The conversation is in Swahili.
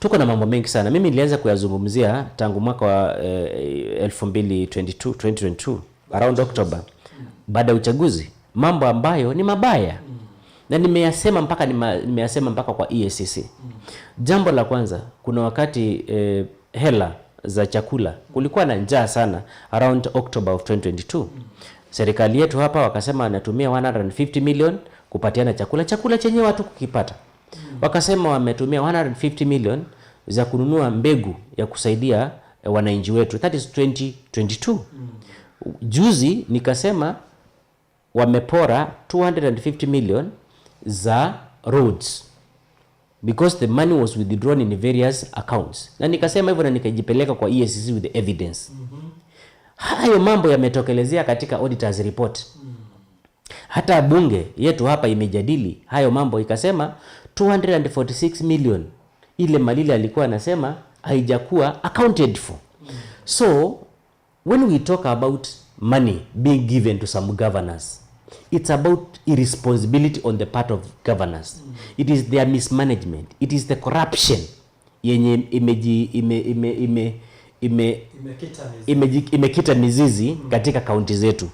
Tuko na mambo mengi sana, mimi nilianza kuyazungumzia tangu mwaka wa eh, 2022, 2022 around October, baada ya uchaguzi, mambo ambayo ni mabaya na nimeyasema mpaka nimeyasema mpaka kwa EACC. Jambo la kwanza, kuna wakati eh, hela za chakula, kulikuwa na njaa sana around October of 2022. Serikali yetu hapa wakasema anatumia 150 million kupatiana chakula, chakula chenye watu kukipata Wakasema wametumia 150 million za kununua mbegu ya kusaidia eh, wananchi wetu, that is 2022. Juzi nikasema wamepora 250 million za roads because the money was withdrawn in various accounts, na nikasema hivyo na nikajipeleka kwa ESC with the evidence. Mm-hmm. Hayo mambo yametokelezea katika auditors report. Hata bunge yetu hapa imejadili hayo mambo ikasema 246 million ile Malile alikuwa anasema haijakuwa accounted for. So when we talk about money being given to some governors it's about irresponsibility on the part of governors. It is their mismanagement. It is the corruption yenye imeji ime ime ime ime imekita mizizi katika kaunti zetu.